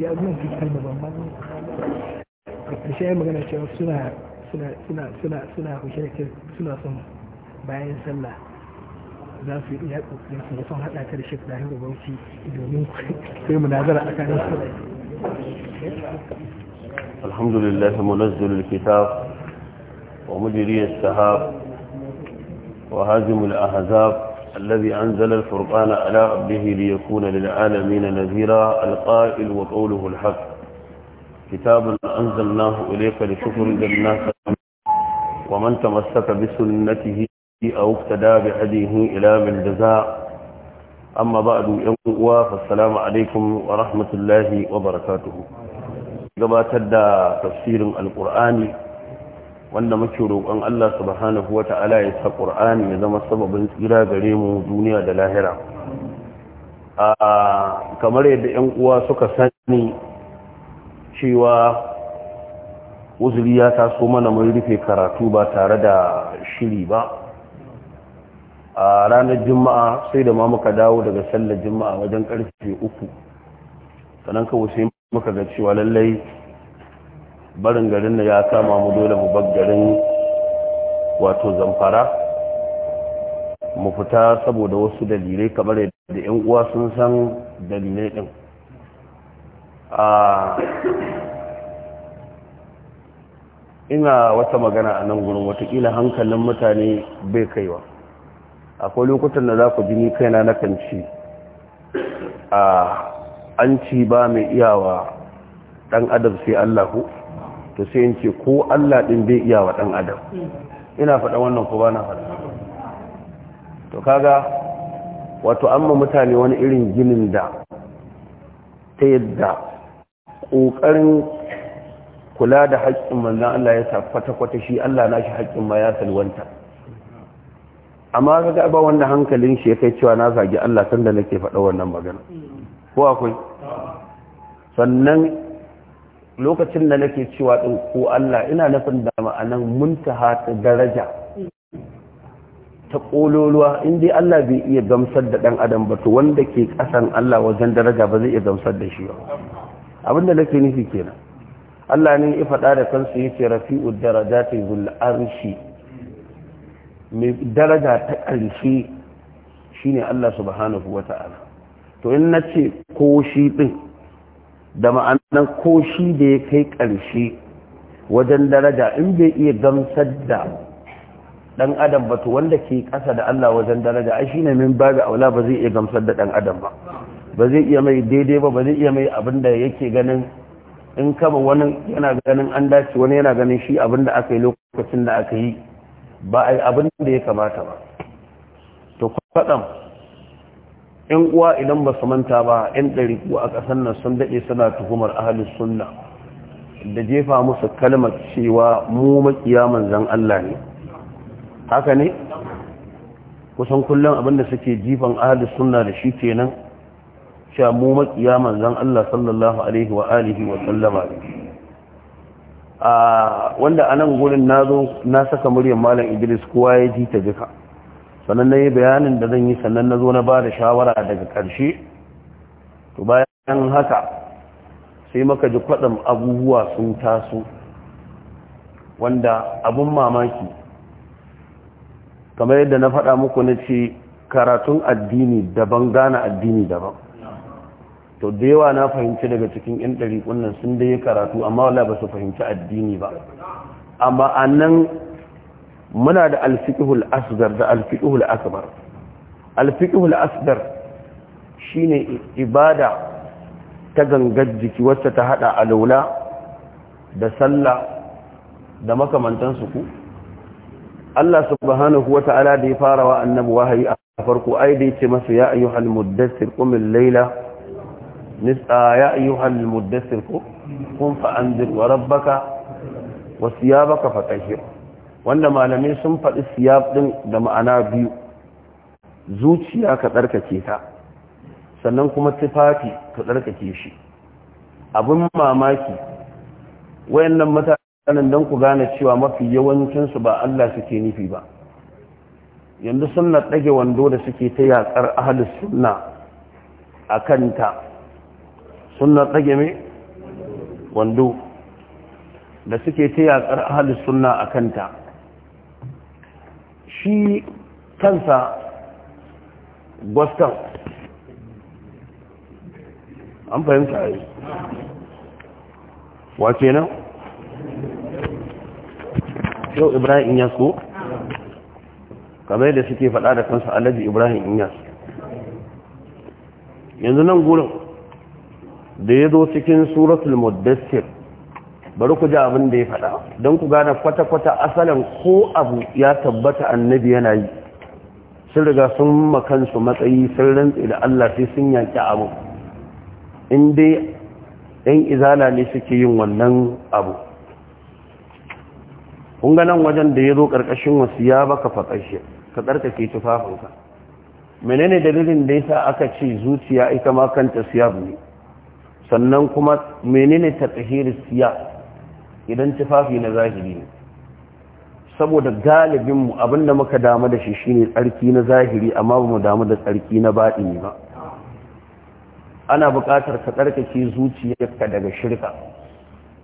الحمد لله منزل الكتاب ومجري السحاب وهازم الأحزاب الذي أنزل الفرقان على عبده ليكون للعالمين نذيرا القائل وقوله الحق كتاب أنزلناه إليك لشكر الناس ومن تمسك بسنته أو اقتدى بهديه إلى من جزاء أما بعد يوم فالسلام عليكم ورحمة الله وبركاته كما تدى تفسير القرآن wanda muke roƙon Allah subhanahu wa ta'ala ya sa Qur'ani ya zama sababin tsira gare mu duniya da lahira a kamar yadda ƴan uwa suka sani cewa uzuri ya taso mana mun rufe karatu ba tare da shiri ba a ranar juma'a sai da ma muka dawo daga sallar juma'a wajen karfe uku sannan kawai sai muka ga cewa lallai barin garin da ya kama mu dole mu bar garin wato zamfara mu fita saboda wasu dalilai kamar da yan uwa sun san dalilai din a ina wata magana a nan gurin watakila hankalin mutane bai kaiwa akwai lokutan da za ku ji ni kaina na kan ci a an ci ba mai iyawa dan adam sai allahu to sai in ce ko Allah ɗin bai iya wa dan adam ina faɗa wannan ko bana faɗa to kaga wato amma mutane wani irin ginin da ta yadda ƙoƙarin kula da haƙƙin manzan Allah ya sa kwata-kwata shi Allah na shi haƙƙin ma ya salwanta amma ga ba wanda hankalin shi ya kai cewa na zagi Allah sanda nake faɗa wannan magana ko akwai sannan lokacin da nake cewa ɗin ko Allah ina nufin da ma'anan muntaha ta daraja ta ƙololuwa in Allah bai iya gamsar da ɗan adam ba to wanda ke ƙasan Allah wajen daraja ba zai iya gamsar da shi ba abinda nake nufi kenan Allah ne ya faɗa da kansu yake rafi'u darajati zul arshi mai daraja ta ƙarshe shine Allah subhanahu wata'ala to in nace ko shi din da ma'anar ko shi da ya kai ƙarshe wajen daraja in bai iya gamsar da ɗan adam ba to wanda ke ƙasa da Allah wajen daraja ai ne min da aula ba zai iya gamsar da ɗan adam ba ba zai iya mai daidai ba ba zai iya mai abin da yake ganin in kama wani yana ganin an dace wani yana ganin shi abin da aka yi lokacin da aka yi ba yi abin da ya kamata ba to kwaɗan yan uwa idan ba su manta ba yan ɗari kuwa a ƙasar nan sun daɗe suna tuhumar ahalin sunna da jefa musu kalmar cewa mu makiya manzan Allah ne haka ne kusan kullum abinda suke jifan ahalin sunna da shi kenan cewa mu makiya manzan Allah sallallahu alaihi wa alihi wa sallama ah, a wanda nan gurin nazo na saka muryar malam Idris kowa ya ji ta jika sannan na yi bayanin da zan yi sannan na zo na ba da shawara daga ƙarshe to bayan haka sai maka ji kwaɗin abubuwa sun taso wanda abun mamaki kamar yadda na faɗa muku na ce karatun addini daban gane addini daban to da yawa na fahimci daga cikin 'yan ɗari nan sun da yi karatu amma wala ba su fahimci addini ba amma a nan muna da alfiqhul asghar da alfiqhul akbar alfiqhul asgar shine ibada ta gangar jiki wacce ta hada laula da sallah da makamantan su ku Allah subhanahu wata'ala da ya fara wa annabi wahayi a farko ai da yace masa ya ayyuhal muddassir qum al-laila nisa ya ayyuhal muddassir qum fa anzir wa rabbaka wa siyabaka fatahhir wanda malamai sun faɗi siyaf ɗin da ma'ana biyu zuciya ka tsarkake ta sannan kuma tufafi ka tsarkake shi abin mamaki wayannan mutanen don ku gane cewa mafi yawancinsu ba Allah suke nufi ba yanzu suna ɗage wando da suke ta yatsar ahalus suna a kanta suna ɗage mai wando da suke ta yaƙar ahalus suna a kanta shi kansa boston an fahimta a yi wace nan yau ibrahim inyas ko kamar yadda suke faɗa da kansa alaji ibrahim inyas yanzu nan gurin da ya zo cikin suratul muddassir bari ku ji abin da ya faɗa don ku gane kwata-kwata asalin ko abu ya tabbata annabi yana yi sun riga sun makansu matsayi sun rantsi da Allah sai sun yanki abu in dai ɗan izala ne suke yin wannan abu kun ganin wajen da ya zo ƙarƙashin wasu ya baka faƙashe ka ƙarƙake tufafinka menene dalilin da ya sa aka ce zuciya ita ma kanta siyab ne sannan kuma menene ta tsahiri siya? idan tufafi na zahiri ne saboda galibinmu abinda muka damu da shi shine tsarki na zahiri amma ba mu damu da tsarki na baɗi ne ba ana buƙatar ka tsarkake zuciyarka daga shirka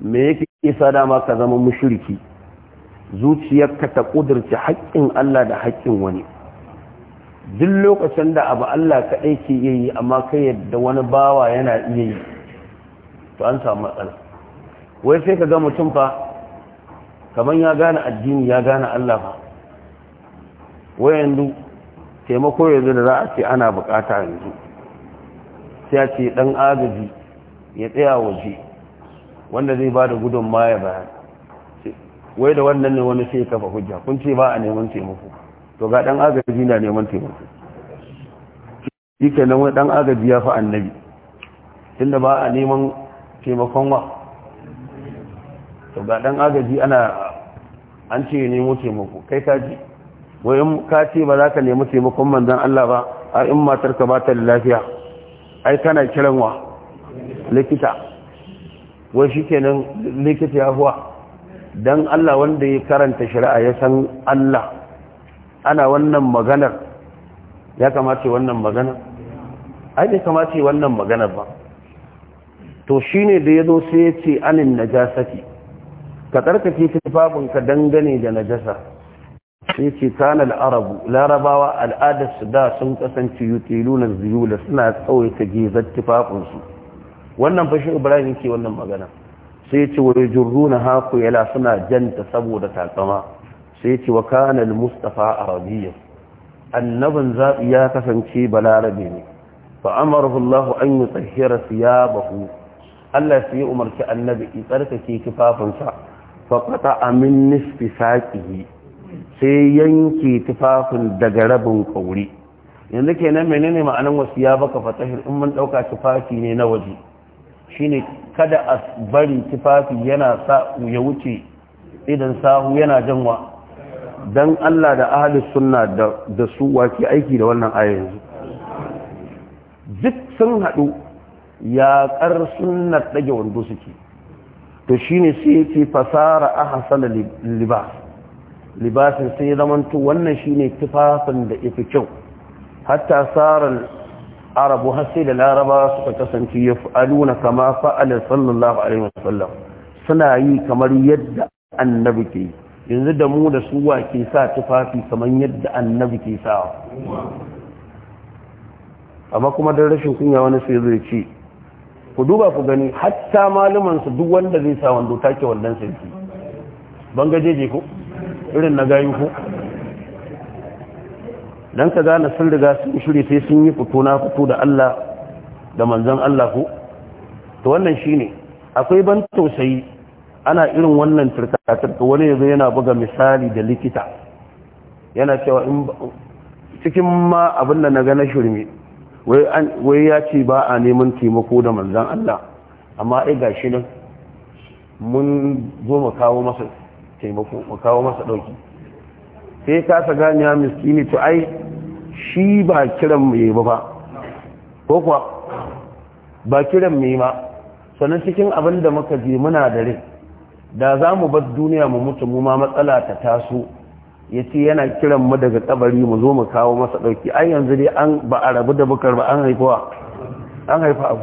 me yake isa dama ka zama mushriki zuciyarka ta ƙudurci haƙƙin Allah da haƙƙin wani duk lokacin da abu Allah kaɗai ke iya yi amma kai yadda wani bawa yana iya yi to an samu matsala wai sai ka ga mutum fa kamar ya gane addini ya gane Allah fa wai yanzu taimako yanzu da za a ce ana bukata yanzu sai a ce dan agaji ya tsaya waje wanda zai ba da gudun maya bayan wai da wannan ne wani sai kafa hujja kun ce ba a neman taimako to ga dan agaji na neman taimako shi nan wani dan agaji ya fi annabi tunda ba a neman taimakon wa to ga dan agaji ana an ce nemo taimako kai ka ji wayan ka ce ba za ka nemi taimakon manzon Allah ba a in matar ka ba ta da lafiya ai kana kiran wa likita wai shikenan likita ya huwa dan Allah wanda ya karanta shari'a ya san Allah ana wannan maganar ya kamace wannan maganar ai bai ce wannan maganar ba to shine da yazo sai ya ce anin najasati ka tsarkake tufafinka dangane da najasa sai ce kana al'arabu larabawa al'adar su da sun kasance yutilu na ziyula suna tsawaita gizar tufafinsu wannan fashin ibrahim ke wannan magana sai ce wa jirru na haku yala suna janta saboda takama sai ce wa kanal al-mustafa arabiyya annabin zaɓi ya kasance balarabe ne fa amarahu Allah an yutahhira siyabahu Allah sai ya umarci annabi ya tsarkake tufafinsa faƙata amin nufi saƙihi sai yanke tufafin daga rabin ƙauri yanzu kenan menene ma'anan wasu ya baka fatahir in mun ɗauka tufafi ne na waje shine kada a bari tufafi yana sa'u ya wuce idan sahu yana janwa don Allah da ahalis suna da su wake aiki da wannan aya yanzu duk sun haɗu yaƙar sunnar ɗage wando suke to shine sai yake fasara ahsal libas libasin sai zamanto wannan shine tufafin da yafi kyau hatta saral arabu har sai da laraba suka kasance yaf'aluna kama fa'ala sallallahu alaihi wasallam suna yi kamar yadda annabi ke yanzu da mu da suwa ke sa tufafi kamar yadda annabi ke sawa amma kuma don rashin kunya wani sai zai ce ku duba ku gani hatta maluman su duk wanda zai sa wando take wannan sai ban gajeje ku? irin na gayu ku? dan ka gane sun riga sun shiri sai sun yi fito na fito da Allah da manzon Allah ko to wannan shine akwai ban tausayi ana irin wannan turkatar to wani yanzu yana buga misali da likita yana cewa in cikin ma abin da na ga na shirme wai ya ce ba a neman taimako da manzan Allah amma ai ga shi nan mun zo mu kawo masa taimako mu kawo masa ɗauki sai kasa gani ya miskini to ai shi ba kiran mu yi ba ko kuwa ba kiran mu yi ma sannan cikin abin da muka je muna da rai da za mu bar duniya mu mutu mu ma matsala ta taso ya ce yana kiran mu daga kabari mu zo mu kawo masa ɗauki ai yanzu dai an ba a rabu da bukar ba an haifuwa an haifa abu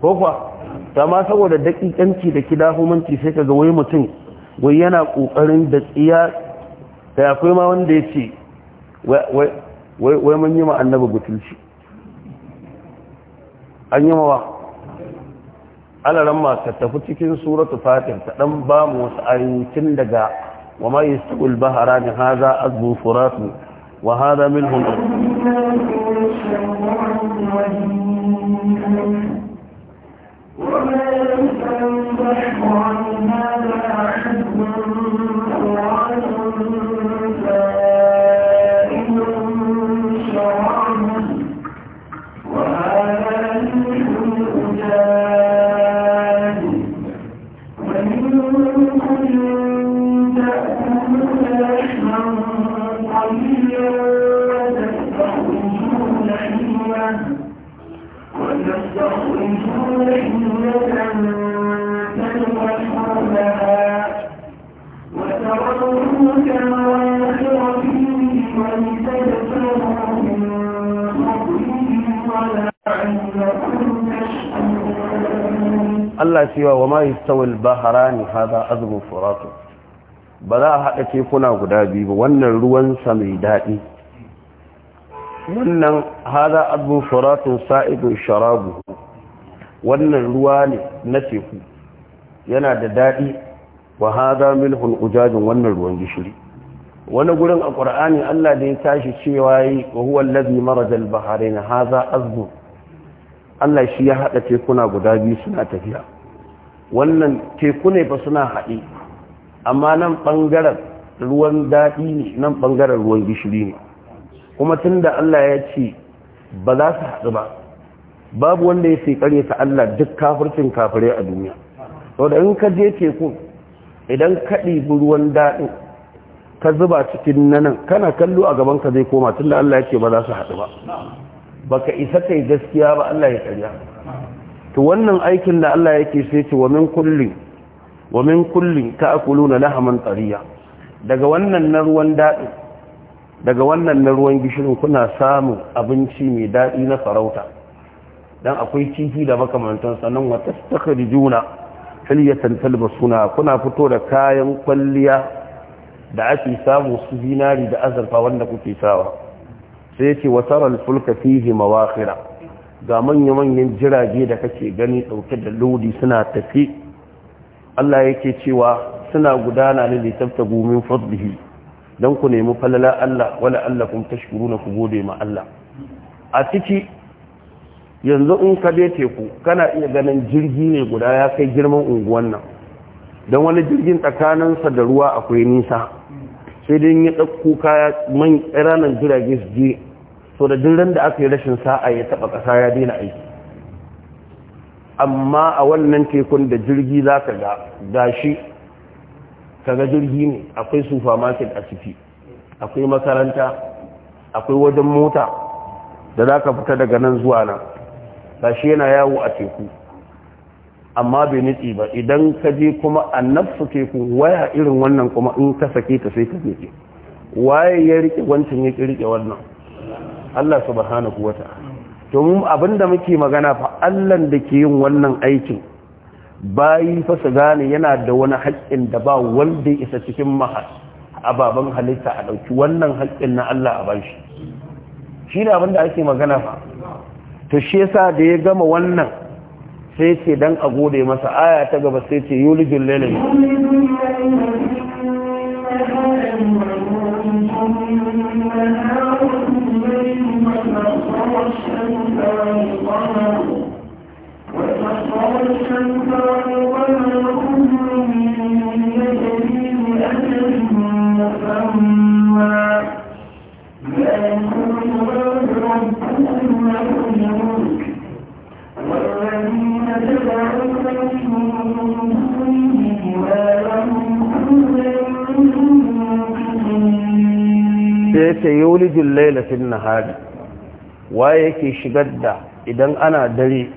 ko kuwa ma saboda daƙiƙanci da kidahumanci sai ka ga wai mutum wai yana ƙoƙarin da tsiya da akwai ma wanda ya ce wai mun yi ma annaba butulci an yi mawa alaran ma ka tafi cikin suratu fatin ta ɗan ba mu wasu ayyukin daga وما يستوي البهران هذا أذب فرات وهذا منه وما هذا cewa wa ma yastawil ne hada azbun furatu ba za a haɗa tekuna guda biyu ba wannan ruwan sa mai daɗi wannan hada azbun furatu sa'idun sharabu wannan ruwa ne na teku yana da daɗi wa hada milhun ujajin wannan ruwan gishiri wani gurin a ƙur'ani Allah da ya tashi cewa yi wa huwa allazi marajal bahrain haza azbun Allah shi ya haɗa tekuna guda biyu suna tafiya wannan teku ne ba suna haɗe amma nan ɓangaren ruwan daɗi ne nan ɓangaren ruwan gishiri ne kuma tun da Allah ya ce ba za su haɗu ba babu wanda ya fi ƙarye ta Allah duk kafircin kafirai a duniya sau da in ka je teku idan kaɗi ruwan daɗin ka zuba cikin nanan kana kallo a gabanka zai koma tun da Allah ya ce ba za su haɗu ba baka isa kai gaskiya ba Allah ya karya to wannan aikin da Allah yake sai ce wa min kulli wa min kulli ta'kuluna lahaman tariya daga wannan na ruwan dadi daga wannan na ruwan gishirin kuna samun abinci mai dadi na farauta dan akwai kifi da makamantan sannan wa tastakhrijuna hilyatan talbasuna kuna fito da kayan kwalliya da ake samu su zinari da azurfa wanda kuke sawa sai ce wa taral fulka fihi mawakhira ga manya-manyan jirage da kake gani ɗauke da lodi suna tafi Allah yake cewa suna gudana ne littafta gomin fadlihi don ku nemi falala Allah wala Allah kuma shiru na ku gode ma Allah a ciki yanzu in ka be teku kana iya ganin jirgi ne guda ya kai girman unguwan nan don wani jirgin tsakaninsa da ruwa akwai nisa sai dai ya ɗauko kaya man jirage su je so da duk da aka yi rashin sa'a ya taba kasa ya daina aiki amma a wannan tekun da jirgi za ka ga gashi ka ga jirgi ne akwai supermarket a ciki akwai makaranta akwai wajen mota da za ka fita daga nan zuwa nan gashi yana yawo a teku amma bai nitsi ba idan ka je kuma a nafsu teku waya irin wannan kuma in ka sake ta sai ka je waye ya rike wancan ya ƙirƙe wannan Allah subhanahu wata'ala to abinda muke magana fa Allah da ke yin wannan aikin bayi fa su gane yana da wani haƙƙin da ba wanda isa cikin a ababen halitta a ɗauki wannan haƙƙin na Allah a bashi shi da abinda ake magana fa to shi yasa da ya gama wannan sai ce dan a gode masa aya ta gaba sai ce yulijin lalai Thank you. الشمس والقمر الشمس والقمر كل يجري لأجل مسمى ذلكم الله ربكم والذين تدعون من دونه ما لهم كل من قدير يولج الليل في النهار waye yake shigar da idan ana dare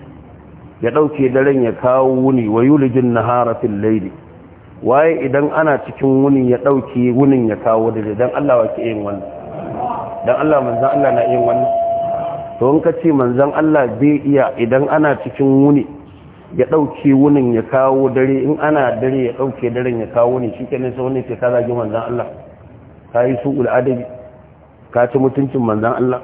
ya ɗauke daren ya kawo wuni wa yulijin nahara fil laili waye idan ana cikin wuni ya ɗauke wunin ya kawo dare dan Allah wake yin wannan dan Allah manzan Allah na yin wannan to in ka ce manzan Allah bai iya idan ana cikin wuni ya ɗauke wunin ya kawo dare in ana dare ya ɗauke daren ya kawo ne shi sai wannan ce ka zagi manzan Allah ka yi ul adabi ka ci mutuncin manzan Allah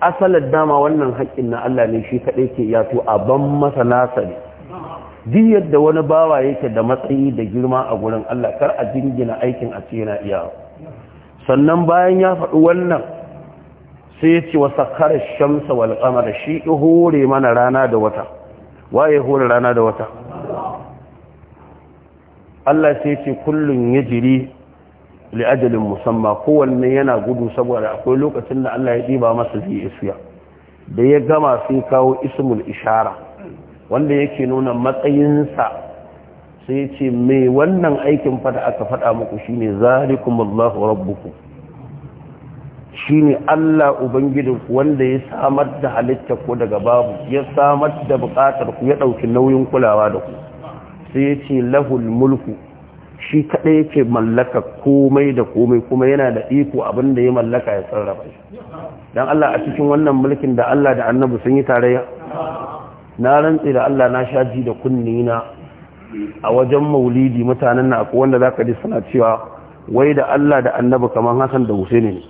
asalar dama wannan haƙƙin na Allah ne shi kaɗai ke yato a ban masa nasa ne duk yadda wani bawa yake da matsayi da girma a gurin Allah kar a jingina aikin a ce yana iya sannan bayan ya faɗi wannan sai ya ce wasa kare shamsa wal qamara shi hore mana rana da wata waye hore rana da wata Allah sai ya ce kullun jiri. li'ajalin musamma kowanne yana gudu saboda akwai lokacin da Allah ya ɗiba masa fi isya da ya gama sai kawo ismul ishara wanda yake nuna matsayinsa sai ce me wannan aikin fata aka fada muku shine zalikumullahu rabbukum shine Allah ubangijin wanda ya samar da halitta ko daga babu ya samar da bukatar ku ya ɗauki nauyin kulawa da ku sai ya ce lahul mulku shi kaɗai yake mallaka komai da komai kuma yana da iko abin da ya mallaka ya sarrafa shi don Allah a cikin wannan mulkin da Allah da Annabi sun yi tarayya na rantsi da Allah na sha ji da kunnina a wajen maulidi mutanen na ko wanda zaka ji suna cewa wai da Allah da Annabi. Kaman Hassan da Husaini ne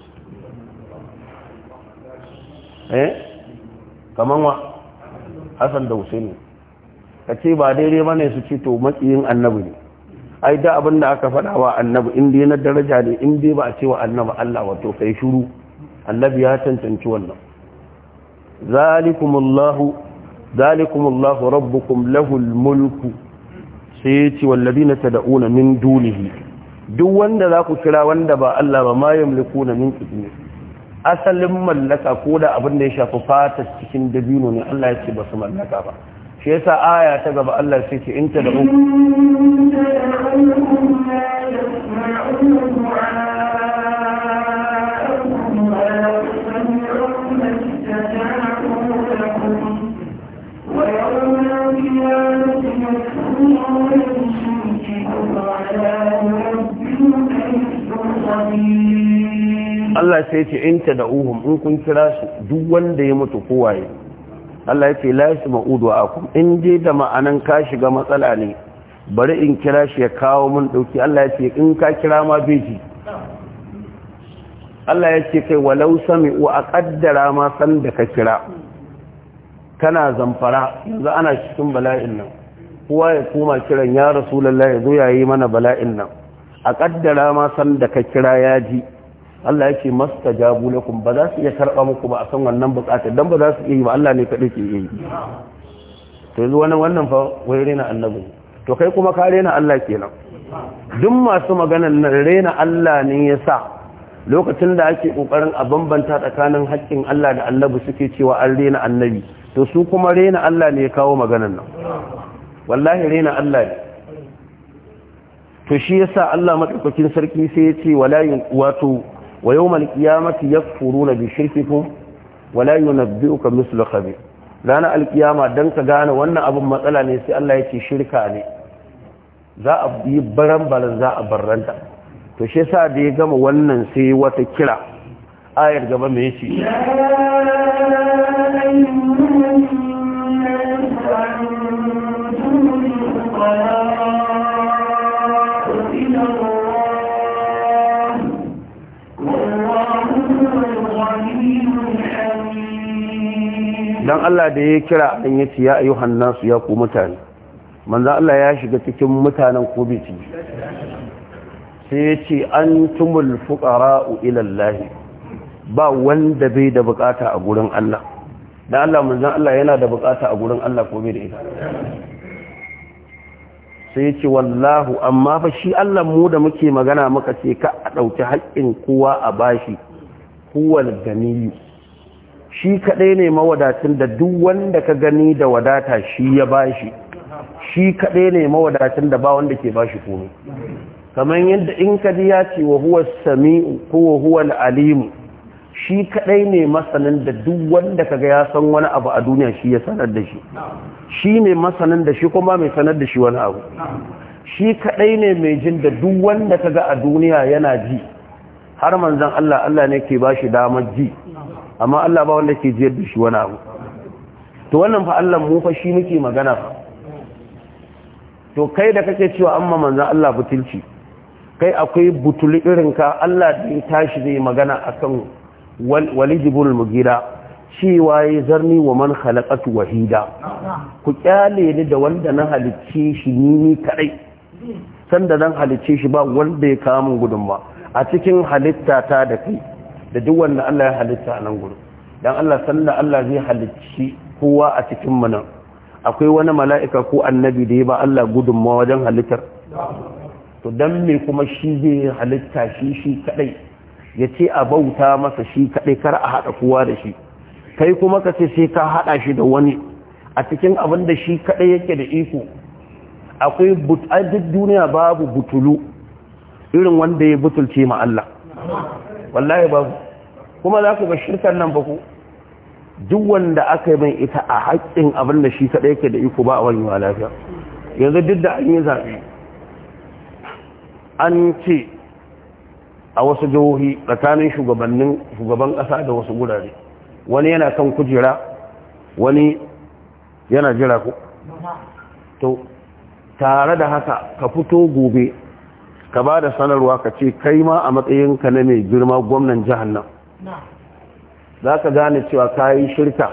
eh Kaman wa Hassan da Husaini ka ba daidai bane su ce to matsiyin annabi ne ai da abin da aka faɗa wa annabi in dai na daraja ne in dai ba a ce wa annabi Allah wato kai shuru annabi ya tantance wannan zalikumullahu zalikumullahu rabbukum lahul mulku sai ya ce wallazina tad'una min dunihi duk wanda za ku kira wanda ba Allah ba ma yamlikuna min qitmi asalin mallaka ko da abin da ya shafi fatar cikin dabino ne Allah ya ce ba su mallaka ba shi yasa aya ta gaba Allah sai ce in tad'u Allah sai ce in tad'uhum in kun kira su duk wanda ya mutu kowaye Allah ya ce la yasma'u du'akum in je da ma'anan ka shiga matsala ne bari in kira shi ya kawo mun dauki Allah ya ce in ka kira ma bai ji Allah ya ce kai walau sami'u a kaddara ma san da ka kira kana zamfara yanzu ana cikin bala'in nan kowa ya koma kiran ya rasulullah ya zo yayi mana bala'in nan a kaddara ma san da ka kira ya ji Allah ya ce mastajabu kuma ba za su iya karɓa muku ba a san wannan buƙatar dan ba za su iya yi ba Allah ne kaɗai ke yi to yanzu wannan wannan fa wai rena annabi to kai kuma ka rena Allah kenan duk masu maganar na rena Allah ne ya sa lokacin da ake kokarin a bambanta tsakanin haƙƙin Allah da annabi suke cewa an rena annabi to su kuma rena Allah ne ya kawo maganan nan wallahi rena Allah ne to shi yasa Allah madaukakin sarki sai ya ce wala wato wa yawmal qiyamati yakfuruna bi shirkikum wa la yunabbi'uka mislu khabir ranar alƙiyama dan ka gane wannan abin matsala ne sai Allah ce shirka ne za a yi baran baran za a barranta to shi yasa da ya gama wannan sai wata kira ayar gaba me yace dan Allah da ya kira an yace ya ayyuhan nasu ya ku mutane manzo Allah ya shiga cikin mutanen ko bai ci sai ce antumul fuqara'u ila Allah ba wanda bai da bukata a gurin Allah dan Allah manzo Allah yana da bukata a gurin Allah ko bai da ita sai ce wallahu amma fa shi Allah mu da muke magana muka ce ka a dauki haƙƙin kowa a bashi huwal ganiyyu shi kaɗai ne mawadacin da duk wanda ka gani da wadata shi ya bashi shi kaɗai ne mawadacin da ba wanda ke bashi komi kamar yadda in ka ji ya ce wa huwa sami'u ko wa huwa alimu shi kaɗai ne masanin da duk wanda kaga ya san wani abu a duniya shi ya sanar da shi shi ne masanin da shi kuma mai sanar da shi wani abu shi kaɗai ne mai jin da duk wanda kaga a duniya yana ji har manzon Allah Allah ne ke bashi damar ji amma Allah ba wanda ke jiyar da shi wani abu to wannan fa Allah mu fa shi muke magana to kai da kake cewa amma manzan Allah butulci kai akwai butul irin ka Allah da ya tashi zai magana akan walijibul mugira cewa waye zarni wa man khalaqatu wahida ku kyale ni da wanda na halicce shi ni ni kadai sanda zan halicce shi ba wanda ya kawo min gudunma a cikin halitta ta da kai da duk wanda Allah ya halitta a nan gudu. dan Allah sanda Allah zai halicci kowa a cikin mana akwai wani mala'ika ko annabi da ya ba Allah ma wajen halittar to dan mai kuma shi zai halitta shi shi kadai ya ce a bauta masa shi kadai kar a haɗa kowa da shi kai kuma ka ce sai ka haɗa shi da wani a cikin abin da shi kadai yake da iko akwai butadid duniya babu butulu irin wanda ya butulce ma Allah wallahi babu kuma za ku ga shirkan nan ba ku duk wanda aka yi mai ita a haƙƙin abin da shi kaɗai ke da iko ba a wani wa lafiya yanzu duk da an yi zaɓe an ce a wasu jihohi tsakanin shugabannin shugaban ƙasa da wasu gurare wani yana kan kujera wani yana jira ku to tare da haka ka fito gobe ka ba da sanarwa ka ce kai ma a matsayinka na mai girma gwamnan jihar nan za ka gane cewa ka yi shirka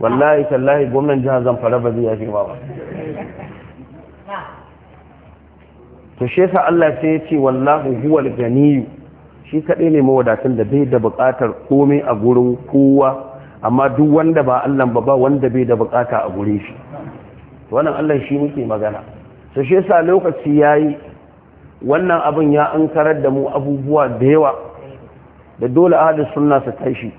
wallahi tallahi gwamnan jihar zamfara ba zai yafi ba to shi Allah sai ya ce wallahu huwal ganiyu shi kadai ne mawadatan da bai da buƙatar komai a gurin kowa amma duk wanda ba Allah ba ba wanda bai da buƙata a gurin shi wannan Allah shi muke magana to shi lokaci lokaci yayi wannan abin ya an karar da mu abubuwa da yawa da dole ahalin suna su tashi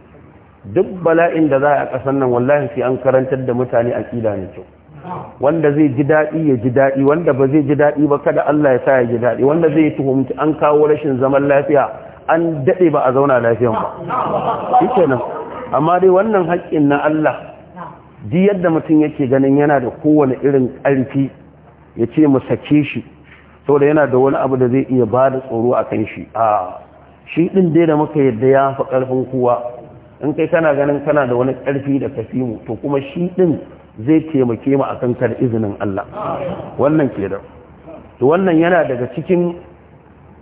duk bala'in da za a ƙasar nan wallahi sai an karantar da mutane ƙila ne kyau wanda zai ji daɗi ya ji daɗi wanda ba zai ji daɗi ba kada Allah ya sa ya ji daɗi wanda zai tuhumci an kawo rashin zaman lafiya an daɗe ba a zauna lafiyan ba shi nan amma dai wannan haƙƙin na Allah di yadda mutum yake ganin yana da kowane irin ƙarfi ya ce mu sake shi saboda yana da wani abu da zai iya ba da tsoro a kan shi a shi ɗin dai da muka yadda ya fi ƙarfin kowa in kai kana ganin kana da wani ƙarfi da kafi mu to kuma shi ɗin zai taimake ma a kanka da izinin Allah wannan ke da to wannan yana daga cikin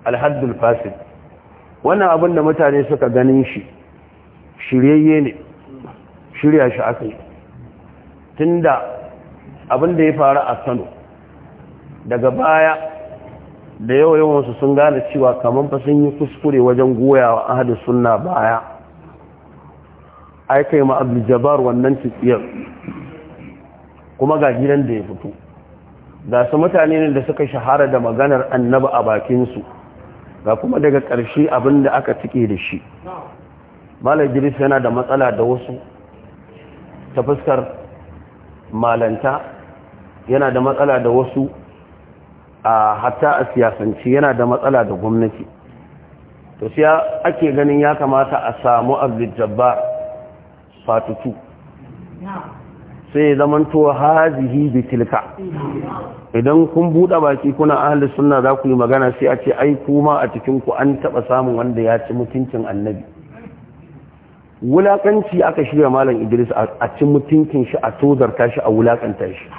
alhaddul fasid wannan abin da mutane suka ganin shi shiryayye ne shirya shi aka yi tunda abin da ya faru a Kano daga baya da yawa su sun gane cewa kamar fa sun yi kuskure wajen goya wa ahadu sunna baya ai kai ma abdul wannan tsiyar kuma ga gidan da ya fito ga su mutane ne da suka shahara da maganar annabi a bakin su. ga kuma daga ƙarshe abin da aka cike da shi malar jiris yana da matsala da wasu ta fuskar malanta yana da matsala da wasu a hatta a siyasanci yana da matsala da gwamnati to siya ake ganin ya kamata a samu Jabbar fatutu sai ya zamanto hazihi bi tilka idan kun buɗe baki kuna ahli sunna za ku yi magana sai a ce ai kuma a cikin ku an taɓa samun wanda ya ci mutuncin annabi wulakanci aka shirya malam idris a ci mutuncin shi a tozarta shi a wulakanta shi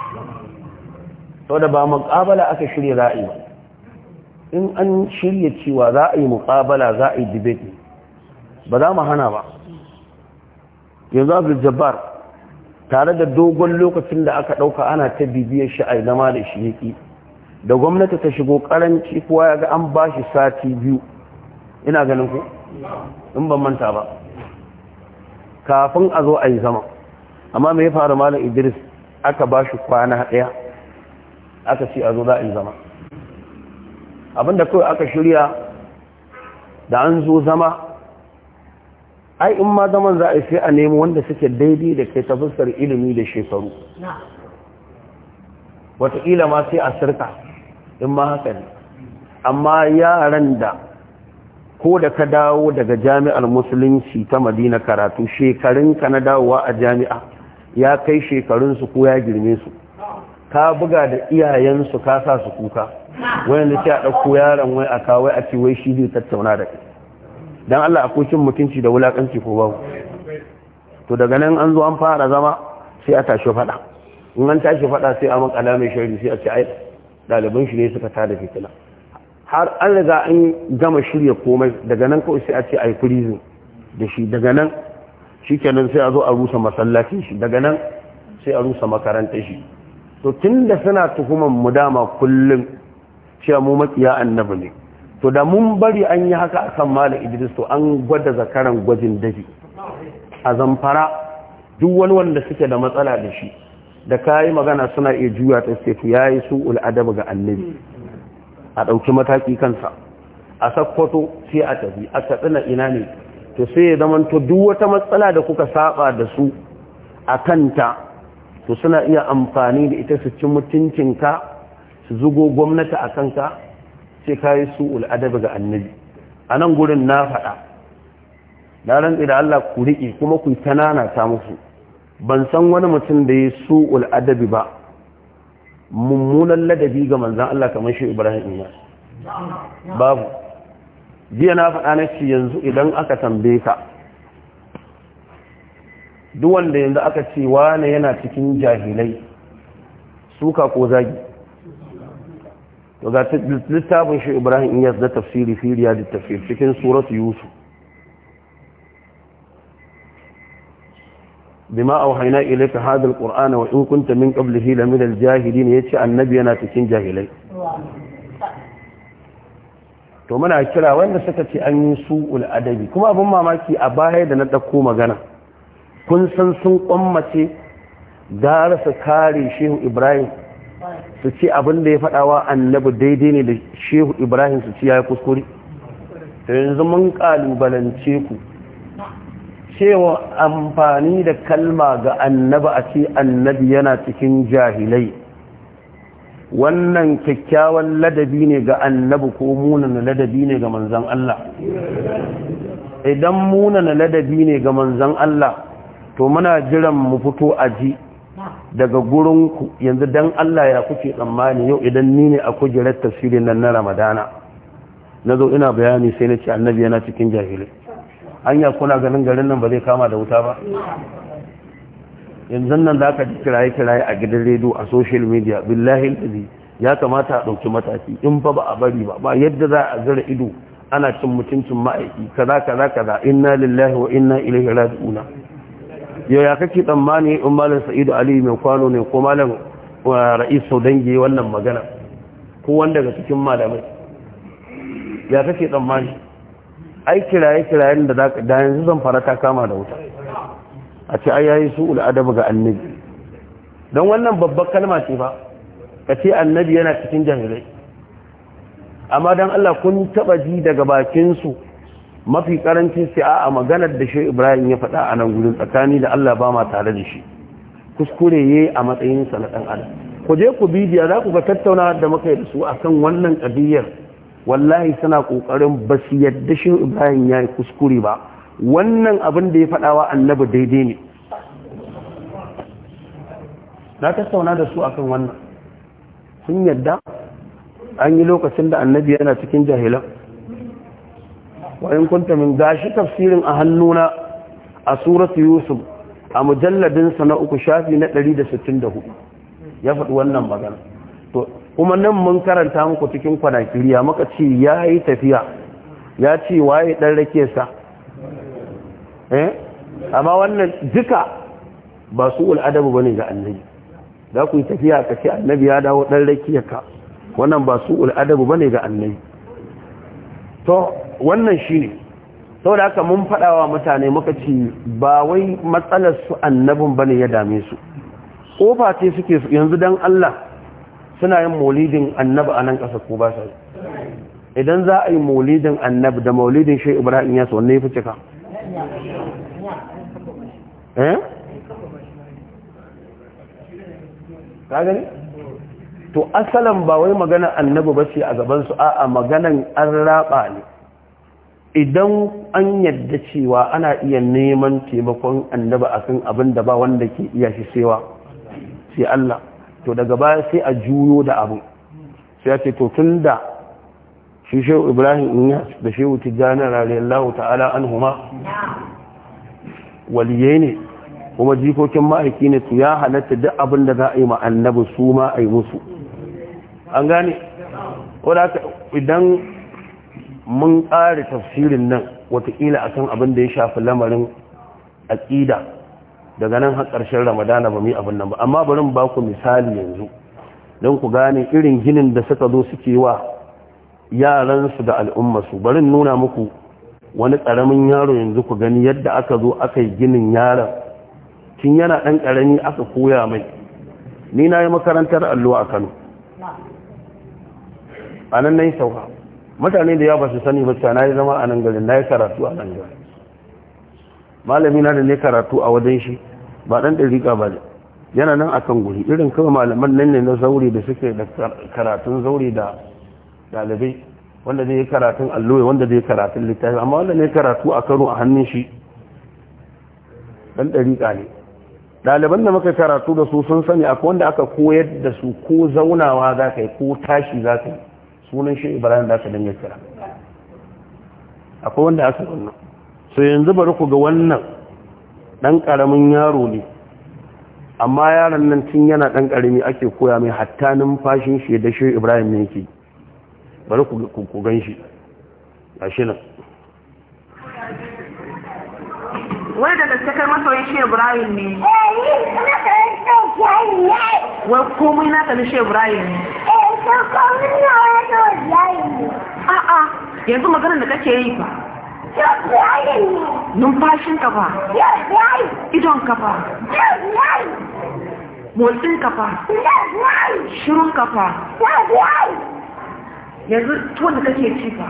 da ba muƙabala aka shirya za a in an shirya cewa za a yi muƙabala za a yi debate ba za mu hana ba yanzu abu jabbar tare da dogon lokacin da aka ɗauka ana ta bibiyar shi a zama da shi yaƙi da gwamnati ta shigo ƙaranci kuwa ya ga an ba shi sati biyu ina ganin ku in ban manta ba kafin a zo a yi zama amma mai faru malam idris aka ba shi kwana ɗaya aka ce a zo za a yi zama abinda kawai aka shirya da an zo zama ai in ma zaman za a sai a nemi wanda suke daidai da kai ta fuskar ilimi da shekaru wataƙila ma sai a sirka in ma haka ne amma yaran da ko da ka dawo daga jami'ar musulunci ta madina karatu shekarunka na dawowa a jami'a ya kai shekarunsu ko ya girme su ka buga da iyayensu ka sa su kuka wani da ce a ɗauko yaron wai a kawai a ce wai shi zai tattauna da kai don Allah a cin mutunci da wulaƙanci ko babu to daga nan an zo an fara zama sai a tashi faɗa in an tashi faɗa sai a makala mai shari'a sai a ce ai ɗaliban shi ne suka da fitila har an riga an gama shirya komai daga nan kawai sai a ce ai prison da shi daga nan shikenan sai a zo a rusa masallacin shi daga nan sai a rusa makarantar shi to tun da suna tuhuman mu dama kullum cewa mu matsiya annabi ne to da mun bari an yi haka a kan malam idris to an gwada zakaran gwajin daji a zamfara duk wani wanda suke da matsala da shi da kayi magana suna iya juya ta ya yi su ul'adab ga annabi a ɗauki mataki kansa a sakkwato sai a tafi a katsina ina ne to sai ya zamanto duk wata matsala da kuka saba da su a kanta to suna iya amfani da ita su ci mutuncinka su zugo gwamnati a kanka sai ka yi su ul'adabi ga annabi a nan gurin na faɗa na rantsi da Allah ku riƙe kuma ku nana ta musu ban san wani mutum da ya su ul'adabi ba mummunan ladabi ga manzan Allah kamar shi Ibrahim ina babu jiya na faɗa na shi yanzu idan aka tambaye ka duk wanda yanzu aka ce wane yana cikin jahilai suka ko zagi to ga littafin shi ibrahim in na tafsiri firiya da tafsir cikin suratu yusuf bima auhayna ilayka hadha alqur'ana wa in kunta min qablihi lamina aljahilin yace annabi yana cikin jahilai to muna kira wanda suka ce an yi su'ul adabi kuma abin mamaki a baya da na ɗauko magana kun san sun kwammace gara su kare shehu ibrahim su ce abin da ya faɗawa annabi daidai ne da shehu ibrahim su ci ya yi kuskure da yanzu mun kalubalance ku cewa amfani da kalma ga annabi a ce annabi yana cikin jahilai wannan kyakkyawan ladabi ne ga annabi ko munana ladabi ne ga manzan Allah idan munana ladabi ne ga manzan Allah to muna jiran mu fito a ji daga gurinku yanzu dan Allah ya kuke tsammani yau idan ni ne a kujerar tafsiri nan na ramadana na zo ina bayani sai na ce annabi yana cikin jahili anya kuna ganin garin nan ba zai kama da wuta ba yanzu nan da aka ji kiraye-kiraye a gidan rediyo a social media billahi ya kamata a ɗauki mataki in ba ba a bari ba ba yadda za a zira ido ana cin mutuncin ma'aiki kaza kaza kaza inna lillahi wa inna ilaihi raji'una yaya kake tsammani in malam sa'idu ali mai kwano ne ko malam uh, ra'is sau dangi wannan magana ko wanda ga cikin malamai ya kake tsammani ai kiraye kirayen da zaka da yanzu zan fara ta kama da wuta a ce ai yayi su adab ga annabi dan wannan babbar kalma ce ba ka ce annabi yana cikin jahilai amma dan Allah kun taba ji daga bakin su mafi karancin sai a maganar da shi ibrahim ya faɗa a nan gudun tsakani da allah ba ma tare da shi kuskure ya a matsayinsa na ɗan adam ku je ku bidiya za ku ga tattauna da muka yi da su a wannan ƙabiyar wallahi suna ƙoƙarin ba su yadda shi ibrahim ya yi kuskure ba wannan abin da ya faɗawa annabi daidai ne na tattauna da su akan wannan sun yadda an yi lokacin da annabi yana cikin jahilan wa in kunta min gashi tafsirin a hannuna a suratu yusuf a mujalladinsa na uku shafi na 164 ya faɗi wannan magana kuma nan mun karanta muku cikin kwanakiriya muka ce ya yi tafiya ya ce waye ɗan rake eh? amma wannan duka ba su ul'adabu ba ne ga annabi za ku yi tafiya ka ce annabi ya dawo ɗan rake ka wannan ba su ul'adabu ba ne ga annabi to wannan shi ne, sau da haka mun faɗawa mutane muka ce ba wai matsalar su annabin ne ya dame su ƙofa ce suke yanzu don Allah suna yin molidin annabi a nan ƙasa ko ba sa idan za a yi maulidin annabi da maulidin shi ibrahim ya wanne ya fi cika eh ka gani to asalan ba wai magana annabi ba ce a gabansu a'a maganan an raba ne idan an yadda cewa ana iya neman taimakon annabi akan abin da ba wanda ke iya shi sewa sai Allah to daga baya sai a juyo da abu sai ya ce to tun da shi shehu ibrahim inyas da shehu tijjani radiyallahu ta'ala huma Waliye ne kuma jikokin ma'aiki ne su ya halatta duk abin da za a yi ma annabi su ma a yi musu an gane wadda idan mun ƙari tafsirin nan watakila a kan abin da ya shafi lamarin aƙida daga nan har ƙarshen ramadana ba mu yi abin nan ba amma barin ba ku misali yanzu don ku gane irin ginin da suka zo suke wa yaransu da su barin nuna muku wani ƙaramin yaro yanzu ku gani yadda aka zo aka yi ginin yaron tun yana ɗan ƙarami aka koya mai ni na yi makarantar allo a kano a nan na yi sauka mutane da yawa ba su sani ba cewa na yi zama a nan garin na yi karatu a nan garin malami na da ne karatu a wajen shi ba dan ɗariƙa ba yana nan akan guri irin kuma malaman nan ne na zaure da suke da karatun zaure da ɗalibai wanda zai yi karatun alloye wanda zai yi karatun littafi amma wanda ne karatu a karo a hannun shi dan ɗariƙa ne ɗaliban da muka karatu da su sun sani akwai wanda aka koyar da su ko zaunawa za ka yi ko tashi za ka yi sunan shi ibrahim da aka dinga kira akwai wanda aka wannan so yanzu bari ku ga wannan dan karamin yaro ne amma yaron nan tun yana dan karami ake koya mai hatta numfashin shi da shi ibrahim ne yake bari ku gan shi gashi nan wai da gaske kai masoyin shi Ibrahim ne wai komai na kan shi Ibrahim ne a'a yanzu maganar da kake yi ba numfashin ka ba idon ka ba motsin ka ba shirun ka ba yanzu tuwon da kake ci ba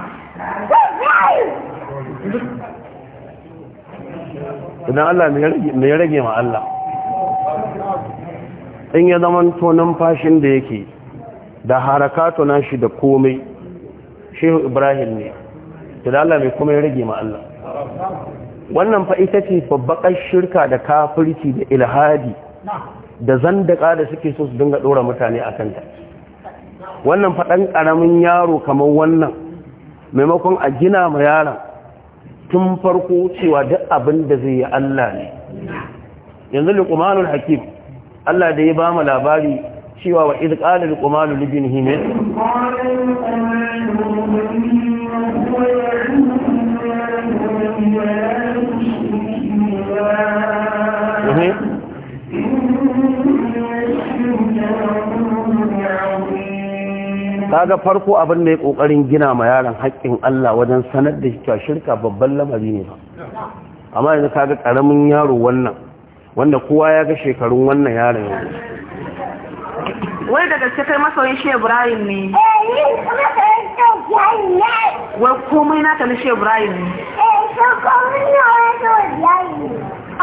idan Allah mai rage ma Allah in ya zaman tonon fashin da yake da harakatu na shi da komai shehu ibrahim ne idan Allah mai kuma ya rage ma Allah wannan fa ita ce babbaƙar shirka da kafirci da ilhadi da zandaka da suke so su dinga ɗora mutane a kanta wannan faɗan ƙaramin yaro kamar wannan maimakon a gina ma yaron tun farko cewa duk abin da zai yi Allah ne yanzu luqmanul hakim Allah da ya ba mu labari cewa wa idh qala luqmanu li Mm-hmm. kaga farko abin da ya kokarin gina ma yaron haƙƙin Allah wajen sanar da cewa shirka babban lamari ne ba amma yanzu kaga karamin yaro wannan wanda kowa ya ga shekarun wannan yaron yanzu wai daga gaske kai masoyin shi Ibrahim ne wai komai na eh, ta shi Ibrahim ne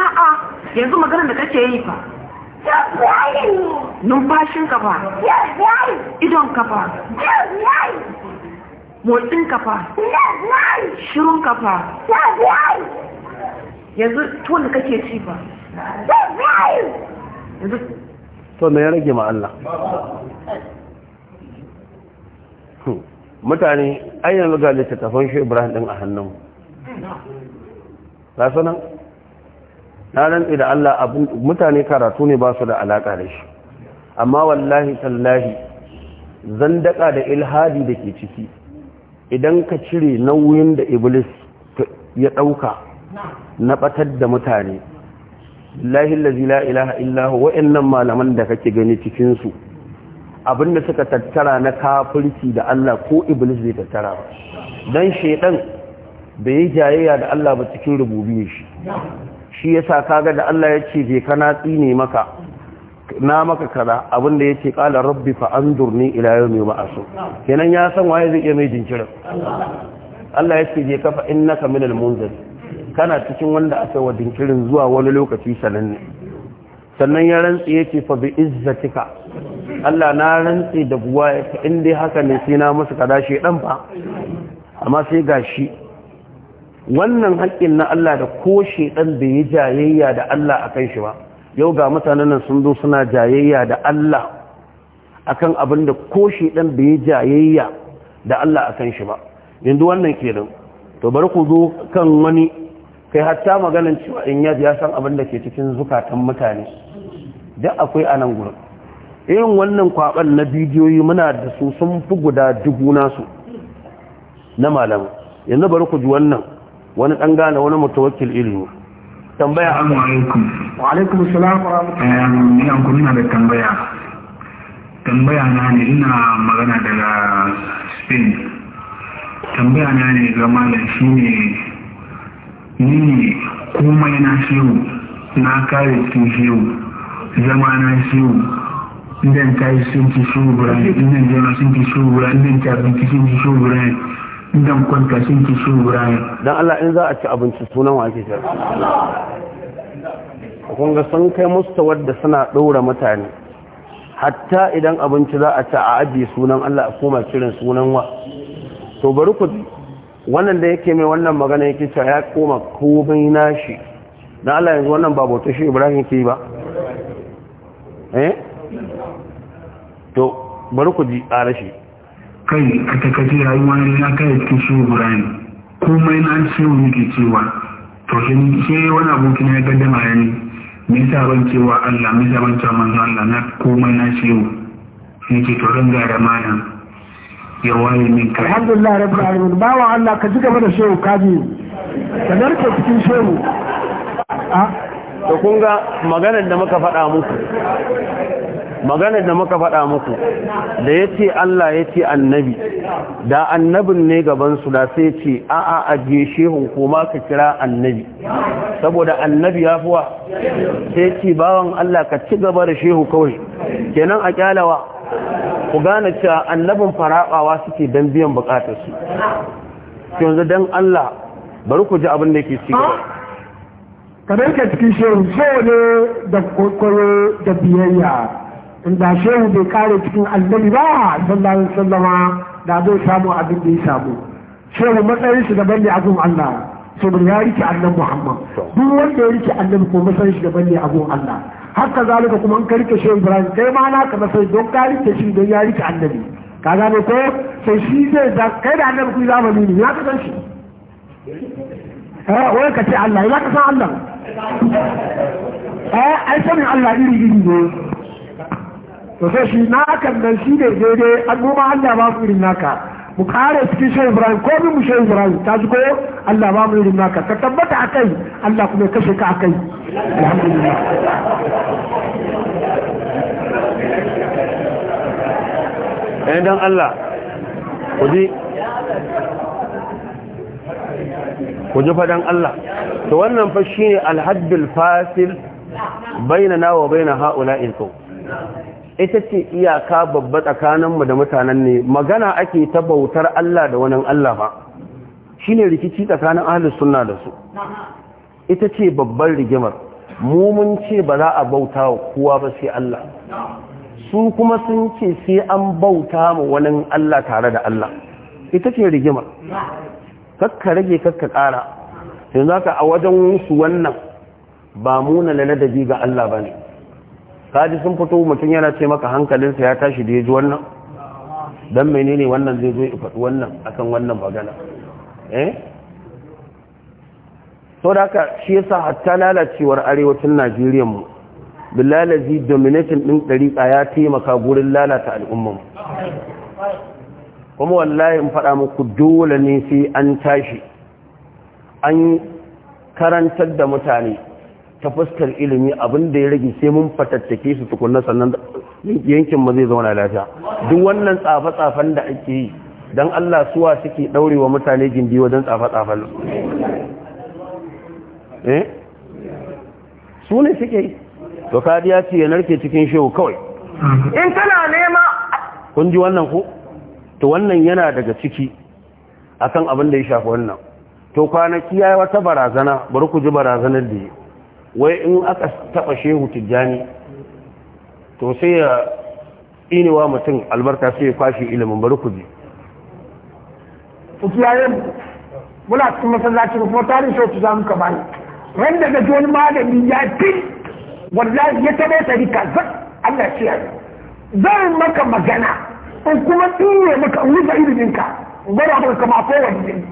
a'a yanzu magana da kake yi fa numfashin kafa idon kafa motsin kafa shirin kafa yanzu tuwon da kake ci ba yanzu to da ya rage ma Allah hmm. mutane ayyana ga littattafan shi ibrahim din a hannun rasu nan na rantsi da Allah abun mutane karatu ne ba su da alaƙa da shi amma wallahi tallahi zandaka da ilhadi da ke ciki idan ka cire nauyin da iblis ya ɗauka na batar da mutane lahi lazi la ilaha illahu wa'annan malaman da kake gani cikin su abinda suka tattara na kafirci da Allah ko iblis zai tattara ba dan shedan bai yi jayayya da Allah ba cikin rububiyar shi shi yasa kaga da Allah ya ce je kana tsine maka na maka kaza abinda yace qala rabbi fa anzurni ila yawmi ba'su kenan ya san waye zai iya mai jinkira Allah ya ce je ka fa innaka minal munzir kana cikin wanda aka wa jinkirin zuwa wani lokaci sananne sannan ya rantsi yace fa bi izzatika Allah na rantsi da buwa in dai haka ne sai na musu kaza shi dan fa amma sai gashi wannan haƙƙin na Allah da ko ɗan da ya jayayya da Allah akan shi ba yau ga mutanen nan sun zo suna jayayya da Allah akan abin da ko ɗan da ya jayayya da Allah akan shi ba yanzu wannan kenan to bari ku zo kan wani kai hatta maganan cewa in ya san abin da ke cikin zukatan mutane duk akwai a nan gurin irin wannan kwaban na bidiyoyi muna da su sun fi guda dubu nasu na malamu yanzu bari ku ji wannan wani dan gane wani mutawakkil ilimi tambaya assalamu alaikum wa alaikum assalam wa rahmatullahi eh, ina kuma da tambaya tambaya na ne ina magana daga Spain tambaya na ne ga malam shine ni kuma na shehu na kare cikin shehu zama na shehu inda ta yi sun ci shehu buran idan jana sun ci shehu buran idan ta abinci sun ci shehu buran dan kwankashin kishin buraya dan Allah in za a ci abinci sunan wa ake kira kun ga sun kai mustawar da suna ɗora mutane hatta idan abinci za a ci a ajiye sunan Allah a koma kiran sunan wa to bari ku wannan da yake mai wannan magana yake cewa ya koma komai nashi dan Allah yanzu wannan babu ta shi Ibrahim ke ba eh to bari ku ji a rashi kai a takaji rayuwa ne ya kai cikin shi burani komai na ciwo nake cewa to shi sai wani abokin ya gada ya ne mai sabon cewa Allah mai sabon caman zuwa Allah na komai na ciwo nake to ran gara mana ya waye min kai alhamdulillah rabbil alamin bawa Allah ka ji gaba da shehu kaji ka narke cikin shehu a ah. to kun ga maganar da muka faɗa muku maganar da muka faɗa muku da ya ce Allah ya ce annabi da annabin ne gabansu da sai ce a a ajiye shehun koma ka kira annabi saboda annabi ya fuwa sai ce bawan Allah ka ci gaba da shehu kawai kenan a kyalawa ku gane cewa annabin faraɓawa suke don biyan bukatarsu yanzu don Allah bari ku ji abin da ke ci gaba kamar ka cikin shehu so ne da kwakwaro da biyayya in da shehu bai kare cikin annabi ba sallallahu alaihi sallama da zai samu abin da ya samu shehu matsayin shi daban ne a gun Allah saboda ya rike annabi Muhammad duk wanda ya rike annabi ko matsayin shi daban ne a gun Allah haka zalika kuma an ka rike shehu Ibrahim kai ma na ka matsayi don ka rike shi don ya rike annabi ka gane ko sai shi zai za kai da annabi ku zamani ne ya ka san shi eh wai ka ce Allah ya ka san Allah eh ai sanin Allah iri iri ne to sai shi na hakan nan shi ne daidai an noma Allah ba mu irin naka mu kare cikin shan Ibrahim ko mu shan Ibrahim ta ji ko Allah ba mu irin naka ka tabbata akai Allah kuma ya kashe ka akai alhamdulillah ɗayan don Allah ku ji ku ji fadan Allah to wannan fa shine alhaddul fasil bainana wa baina ha'ula'il qawm ita ce iyaka babba tsakaninmu da mutanen ne magana ake ta bautar Allah da wani Allah ba shi ne rikici tsakanin ahalus suna da su ita ce babban rigimar mu mun ce ba za a bauta wa kowa ba sai Allah su kuma sun ce sai an bauta ma wani Allah tare da Allah ita ce rigimar kakka rage kakka ƙara yanzu haka a wajen su wannan ba muna ladabi ga Allah ba ne kaji sun fito mutum yana ce maka hankalinsa ya tashi da ya ji wannan don menene wannan zai zo ya faɗi wannan akan wannan magana eh sau da haka shi yasa hatta lalacewar arewacin najeriya mu bilalazi dominatin ɗin ɗariƙa ya taimaka gurin lalata al'umman kuma wallahi in faɗa muku dole ne sai an tashi an karantar da mutane ta fuskar ilimi abin da ya rage sai mun fatattake su tukunna sannan yankin ma zai zauna lafiya duk wannan tsafe-tsafen da ake yi don Allah suwa suke daurewa mutane gindi wajen tsafe-tsafen eh su ne suke yi to kadiya ce ya narke cikin shehu kawai in tana nema kun ji wannan ku to wannan yana daga ciki akan abin da ya shafi wannan to kwanaki ya yi wata barazana bari ku ji barazanar da yi wai in aka taba shehu tijjani to sai ya inewa mutum albarka sai ya kwashe ilimin bari ku je ku muna cikin masallaci ko kuma tarin shehu za mu ka Ran da ga wani malami ya fi wallahi ya tabe rika zan Allah ya zan maka magana in kuma tsire maka in rufe iliminka bari ka kama kowanne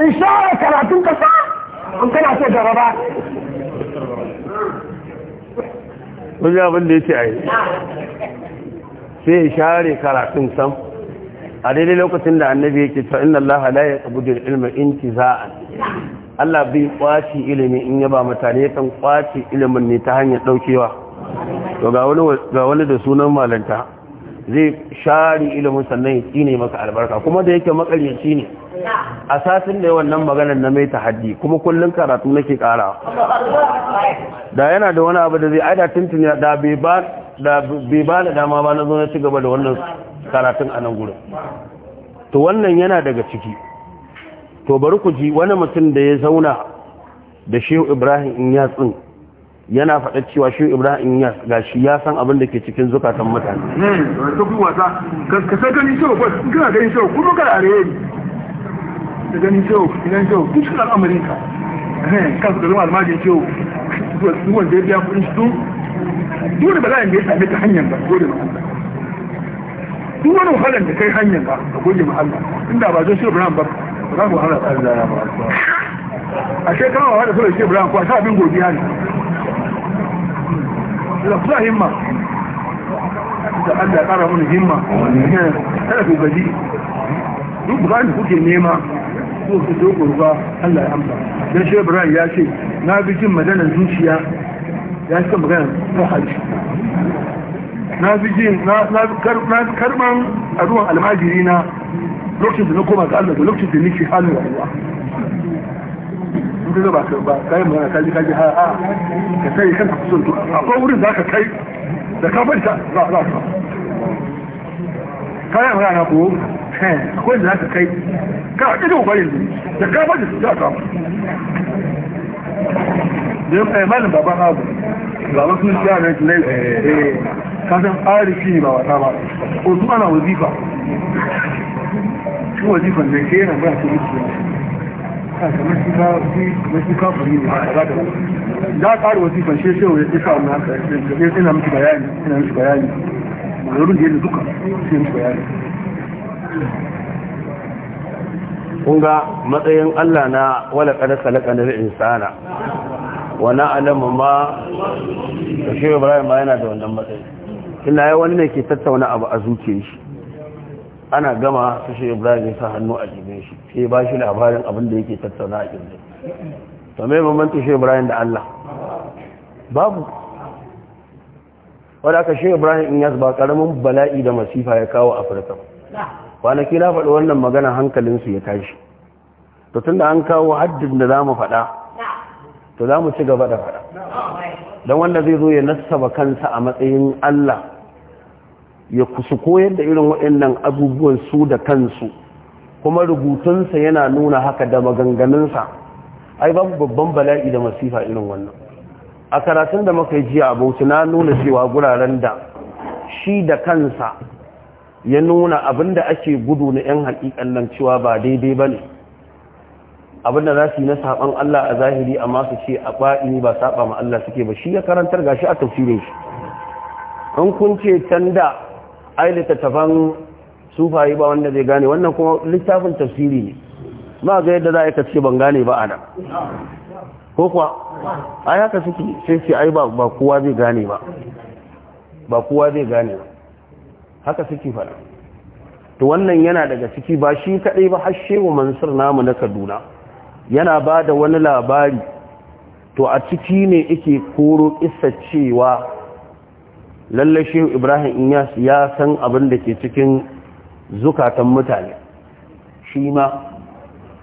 in sha karatun ka sa in kana abin da ya ce a yi sai ya share karatun sam a daidai lokacin da annabi yake ta inna Allah la yaqbudu in ilma za'a. Allah bai kwaci ilimi in yaba mutane kan kwaci ilimin ne ta hanyar daukewa to ga wani da sunan malanta zai share ilimin sannan ya tsine maka albarka kuma da yake makaryaci ne a da ne wannan maganar na mai tahaddi kuma kullum karatu nake kara da yana da wani abu da zai aida tuntun da bai ba da dama ba na zo na ci gaba da wannan karatun a nan gudun. to wannan yana daga ciki to bari ku ji wani mutum da ya zauna da shehu ibrahim in yatsun yana faɗa cewa shi ibrahim ya gashi ya san abin da ke cikin zukatan mutane ne eh, to kuma wasa ka sai ganin shi ko kana ganin shi kuma ka are da ganin kyau gidan kyau duk suna al'amarin ka eh, kansu da zama almajin kyau su wanda ya biya kuɗin su dole ba za da ya same ta hanyar ba dole ba duk wani wahalar da kai hanyar ba a gode ma Allah inda ba zo shi Ibrahim ba ba za ku wahala ba Allah ya ba a shekara wahala sai shi Ibrahim ko a sha abin godiya ne da kusa himma da Allah ya kara mana himma eh, kada ku gaji duk bukatun kuke nema zo ka zo gurba Allah ya amsa dan shi Ibrahim ya ce na bi jin maganar zuciya ya ce maganar ta hali na bi jin na karman a ruwan almajiri na lokacin da na koma ga Allah da lokacin da nake halin rayuwa in ka ba ka ba kai magana ka ji ka ji ha a ka kai kanka kusantu ko wurin zaka ka kai da ka fanta za za ka kawai a rana ko eh, akwai da za ta kai ka ɗin ƙwarin ne da kafa da su za ta da ya kai malin baban abu baban sun siya na yadda eh, kasan arifi ne ba wata ba ko su ana wazifa shi wazifan da ke yana bayan kuma su mashi kafin ne a da za a ƙara wazifan shi shi wa ya ƙi sa'un na haka ina miki bayani kunga da duka sai matsayin Allah na wala kada salaka da insana wa na alama ma shi Ibrahim ba yana da wannan matsayi kina yayi wani ne ke tattauna abu a zuciyar shi ana gama su shi Ibrahim ya sa hannu a jikin shi sai ba shi labarin abin da yake tattauna a kirji to me bambanci shi Ibrahim da Allah babu wadda aka shi ibrahim inyas ba karamin bala'i da masifa ya kawo afirka kwanaki na faɗi wannan magana hankalinsu ya tashi to tun da an kawo haddin da za mu faɗa to za mu ci gaba da faɗa don wanda zai zo ya nassaba kansa a matsayin allah ya kusa koyar da irin waɗannan abubuwan su da kansu kuma rubutunsa yana nuna haka da maganganunsa ai babu babban bala'i da masifa irin wannan a karatun da muka yi jiya a bauchi na nuna cewa guraren da shi da kansa ya nuna abin da ake gudu na 'yan haƙiƙan nan cewa ba daidai ba ne abin da za su yi na saɓan Allah a zahiri amma su ce a ba'ini ba saɓa ma Allah suke ba shi ya karantar gashi a tafsirin shi in kun ce can da ai littattafan sufayi ba wanda zai gane wannan kuma littafin tafsiri ne ba ga yadda za a yi ka ban gane ba a nan ko kuwa ai haka suke sai sai ai ba kowa zai gane ba ba kowa zai gane ba haka suke fara to wannan yana daga ciki ba shi kadai ba har shehu mansur namu na kaduna yana ba da wani labari to a ciki ne ake koro isa cewa lallai shehu ibrahim inyas ya san abin da ke cikin zukatan mutane shi ma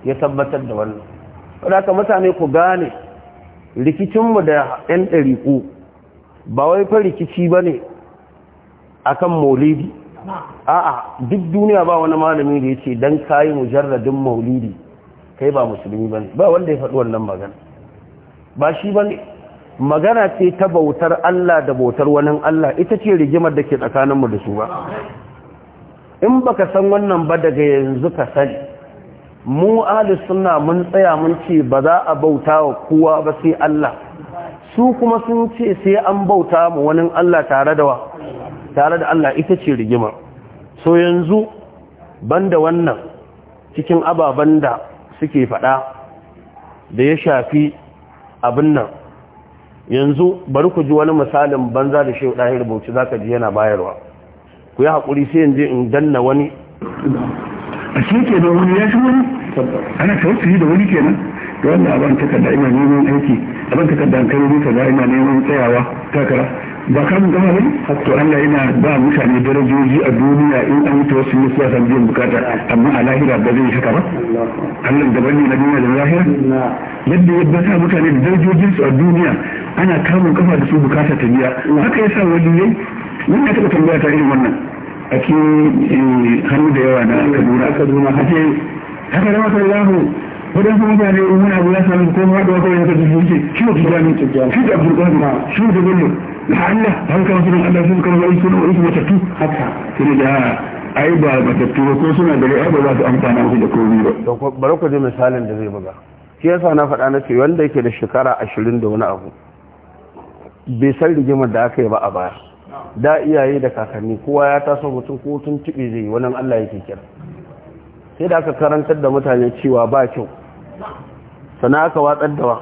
ya tabbatar da wannan wadaka mutane ku gane rikicinmu da 'yan ɗariƙu ba wai fa rikici ba ne a kan maulidi a'a duk duniya ba wani malami da ya ce don kayi mujarradin maulidi kai ba musulmi ba ba wanda ya faɗi wannan magana ba shi ba ne magana ce ta bautar Allah da bautar wani Allah ita ce rigimar da ke tsakaninmu da su ba in baka san wannan ba daga yanzu ka sani mu ahli sunna mun tsaya mun ce ba za a bauta wa kowa ba sai Allah su kuma sun ce sai an bauta mu wani Allah tare da wa tare da Allah ita ce rigima so yanzu banda wannan cikin ababen da suke faɗa da ya shafi abin nan yanzu bari ku ji wani misalin banza da shehu ɗahir bauchi zaka ji yana bayarwa ku yi haƙuri sai yanzu in danna wani a ke kenan wani ya shi wani ana tawassuli da wani kenan da wannan abin kada ina neman aiki abin ta kada kai ne kaza ina neman tsayawa takara ba kan gama ne. to Allah yana ba mutane darajoji a duniya in an ta wasu musu wasan biyan bukata amma a lahira ba zai haka ba Allah daban ne na duniya da lahira yadda ya bata mutane da darajojin a duniya ana kamun kafa da su bukata ta biya haka yasa wani ne mun ka taɓa tambaya ta irin wannan a eh, hannu da yawa na kaduna kaduna a ce haka da masar lahu waɗansu mutane in wani abu ya sami ko ma ɗauka wani kasar zuci shi wa tijjani shi da abdul qadir shi da bello na allah hankali sunan allah sun karɓi wani sunan wani matattu haka sai da ai ba matattu ba ko suna gari ai ba za su amfana su da komai ba bari ku ji misalin da zai buga shi yasa na faɗa na ce wanda yake da shekara ashirin da wani abu bai san rigimar da aka yi ba a baya da iyaye da kakanni kowa ya taso mutum ko tun tibe zai wannan Allah yake kira sai da aka karantar da mutane cewa ba kyau sana aka watsar da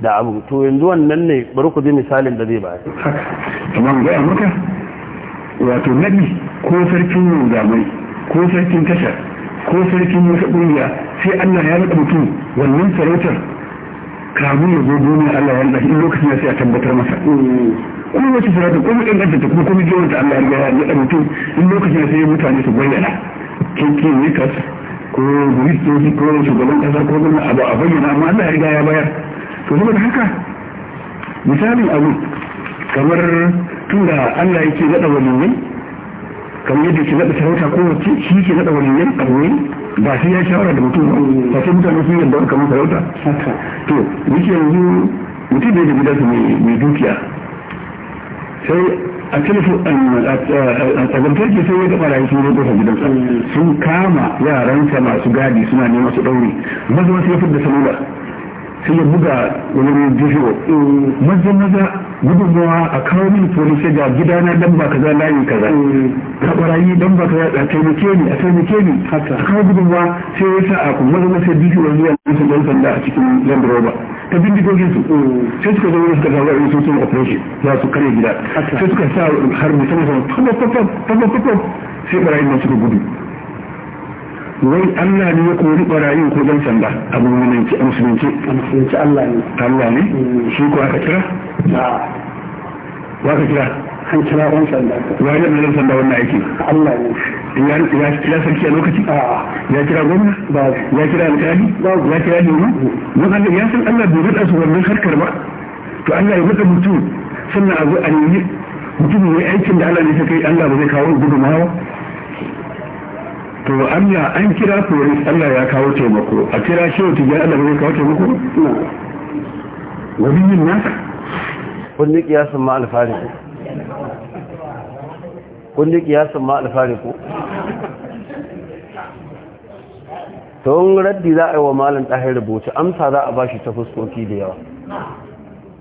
da abu to yanzu wannan ne bari ku ji misalin da zai bayar kamar ga muka wato nabi ko sarkin yanzu ko sarkin tashar ko sarkin wata ƙungiya sai Allah ya rada mutum wannan sarautar kamun ya zo duniya Allah ya rada lokacin ya sai a tabbatar masa mm. kuma wace salatu kuma inganta ta kuma kuma jiyar da Allah ya riga ya rubutu in lokacin sai mutane su bayyana kinki nikas ko ministoci ko shugaban kasa ko gwamna abu a bayyana amma Allah ya riga ya bayar to saboda haka misalin abu kamar tun da Allah yake nada waliyai kamar yadda ke nada sarauta ko wacce shi ke nada waliyai ne ba sai ya shawara da mutum ba sai mutane sun yarda kamar sarauta to yake yanzu mutum da ya su mai dukiya sai a telefon a sai ya ga barayi sun zo kofar gidansa sun kama yaransa masu gadi suna neman su ɗaure maza wasu ya fidda salula sai ya buga wani dijo maza maza gudunmawa a kawo mini polisi ga gidana dan ba kaza layi kaza ka mm. barayi dan ba kaza a taimake ni a taimake ni a kawo gudunmawa sai ya sa a kuma maza maza dijo wani ya nisa dan sanda a cikin land rover ta bindigogin su mm. sai suka zo suka wani sun suna operation za su kare gida sai suka sa har musamman sama fafafafafafafafaf sai barayi nan suka gudu wai Allah ne ya kori barayin ko dan sanda abin musulunci a musulunci a musulunci Allah ne Allah ne mm. shi ko aka kira wa aka kira an kira dan sanda wa ne dan sanda wannan aiki Allah ne ya ya kira sarki a lokaci ya kira gwamna ya kira Ba. ya kira dinu mun mm. Allah ya san Allah bai rada su wannan harkar ba to Allah ya rada mutum sannan a zo a nemi mutum ne aikin da Allah ne ta kai Allah ba zai kawo gudunmawa to Allah an kira police Allah ya kawo taimako a kira shehu tijjani Allah ya kawo taimako wani yin naka kun kiyasin ma alfari ku kun kiyasin ma alfari ku tun raddi za a yi wa malin tahir rubutu amsa za a bashi ta fuskoki da yawa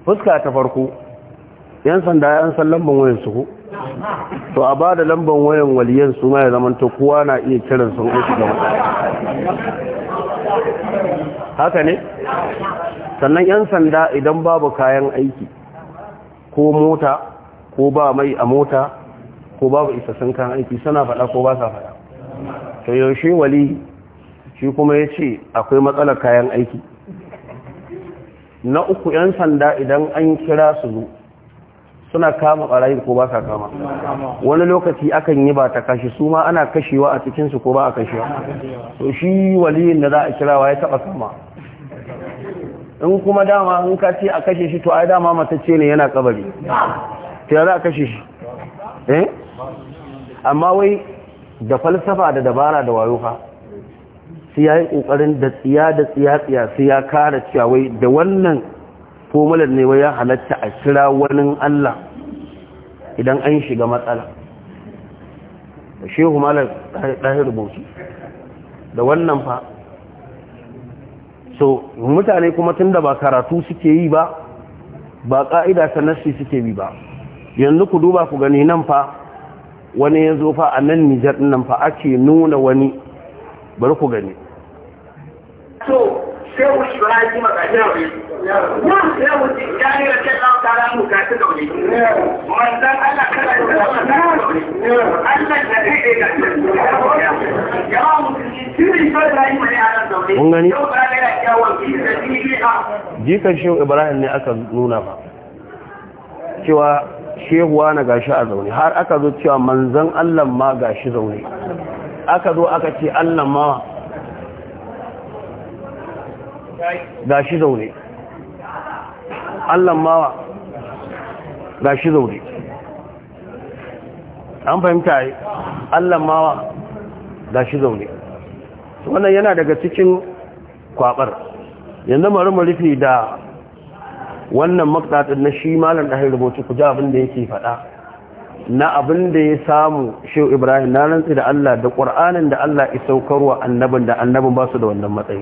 fuska ta farko yan sanda yan san lambar wayan su ku to a ba da lambar wayan waliyan su ma ya zamanta kowa na iya kiran sun uku da haka ne sannan 'yan sanda idan babu kayan aiki ko mota ko ba mai a mota ko babu isassun kayan aiki suna faɗa ko ba sa faɗa to yaushe wali shi kuma ya ce akwai matsalar kayan aiki na uku 'yan sanda idan an kira su suna kama barayin ko ba sa kama wani lokaci akan yi ba ta kashi su ma ana kashewa a cikinsu ko ba a kashewa to shi waliyin da za a kirawa ya taba kama in kuma dama in ka ce a kashe shi to ai dama matacce ne yana kabari ta za a kashe shi eh amma wai da falsafa da dabara da wayo fa sai ya yi kokarin da tsiya da tsiya tsiya sai ya kara cewa wai da wannan malar ne wai ya halatta a kira wani Allah idan an shiga matsala da shehu malar ɗahir rubutu da wannan fa so mutane kuma tun da ba karatu suke yi ba ba ƙa'ida nassi suke bi ba yanzu ku duba ku gani nan fa wani ya zo fa a nan nijar nan fa ake nuna wani bari ku gani sai mu shi wani ji maka jira wuri mun sai mu ji ya ne race ɗan kara mu ga su gauri manzan Allah kada ya zama na gauri Allah na kai ɗaya ga jama'a musulmi sirri so da yi mai yaran gauri mun gani yau ba ga yawon bisa bibi'a jikan shehu ibrahim ne aka nuna ba cewa Shehu na gashi a zaune har aka zo cewa manzan Allah ma gashi zaune aka zo aka ce Allah ma ga shi zaune allan mawa ga shi zaune an fahimta yi allan mawa ga shi zaune wannan yana daga cikin kwabar yanzu mara marifi da wannan makasar na shi malar ɗahin rubutu ku ji abin yake faɗa na abin da ya samu shehu ibrahim na rantsi da allah da ƙwar'anin da allah isaukarwa annabin da annabin ba su da wannan matsayi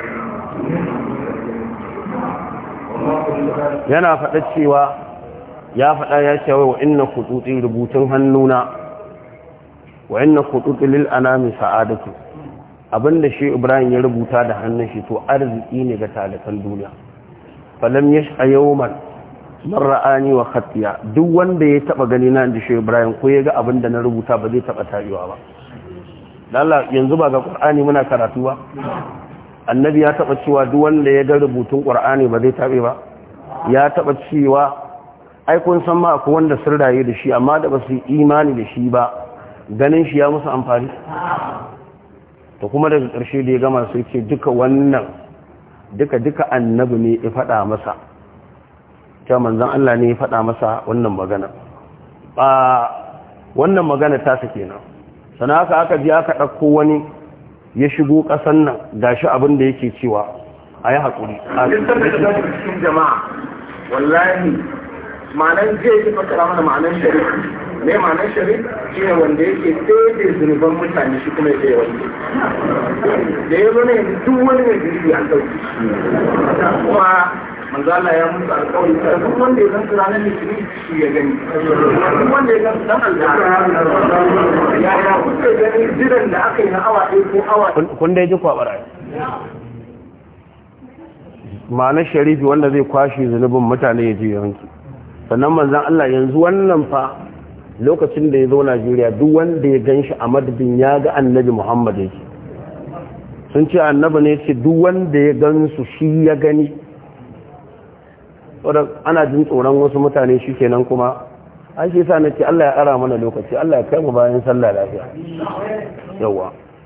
yana faɗa cewa ya faɗa ya ce wa inna kututi rubutun hannuna wa inna kututi lil anami sa'adatu abinda shi ibrahim ya rubuta da hannun shi to arziki ne ga talakan duniya falam sha yawman man ra'ani wa khatiya duk wanda ya taba gani na da shi ibrahim ko ya ga abinda na rubuta ba zai taba tayiwa ba lalla yanzu ba ga qur'ani muna karatu ba annabi ya taba cewa duk wanda ya ga rubutun qur'ani ba zai tabe ba ya taba cewa ai kun san ma akwai wanda sun rayu da shi amma da basu su imani da shi ba ganin shi ya musu amfani to kuma daga ƙarshe da ya gama su ce duka wannan duka duka annabi ne ya faɗa masa ta manzan Allah ne ya faɗa masa wannan magana wannan magana ta sake kenan? sana haka aka ji aka ɗauko wani ya shigo ƙasan nan gashi abin da yake cewa a yi haƙuri cikin jama'a wallahi ma'anar zai yi fakara mana ma'anar sharif ne ma'anar sharif shi ne wanda yake daidai zunuban mutane shi kuma ya zai wani da ya zo ne duk wani mai zunubi an ɗauki kuma manzala ya mutu alkawari ta duk wanda ya san su ranar litinin shi ya gani duk wanda ya san su dan alkawari ya ya kuke gani jiran da aka yi na awa ɗaya ko awa kun dai ji kwaɓara ma'anar sharifi wanda zai kwashe zunubin mutane ya jiya yanki sannan manzan Allah yanzu wannan fa lokacin da ya zo Najeriya duk wanda ya gan shi a madadin ya ga annabi Muhammad yake sun ce annabi ne ce duk wanda ya gan su shi ya gani wadda ana jin tsoron wasu mutane shi kenan kuma an shi sa na ce Allah ya ara mana lokaci Allah ya kai mu bayan sallah lafiya yawa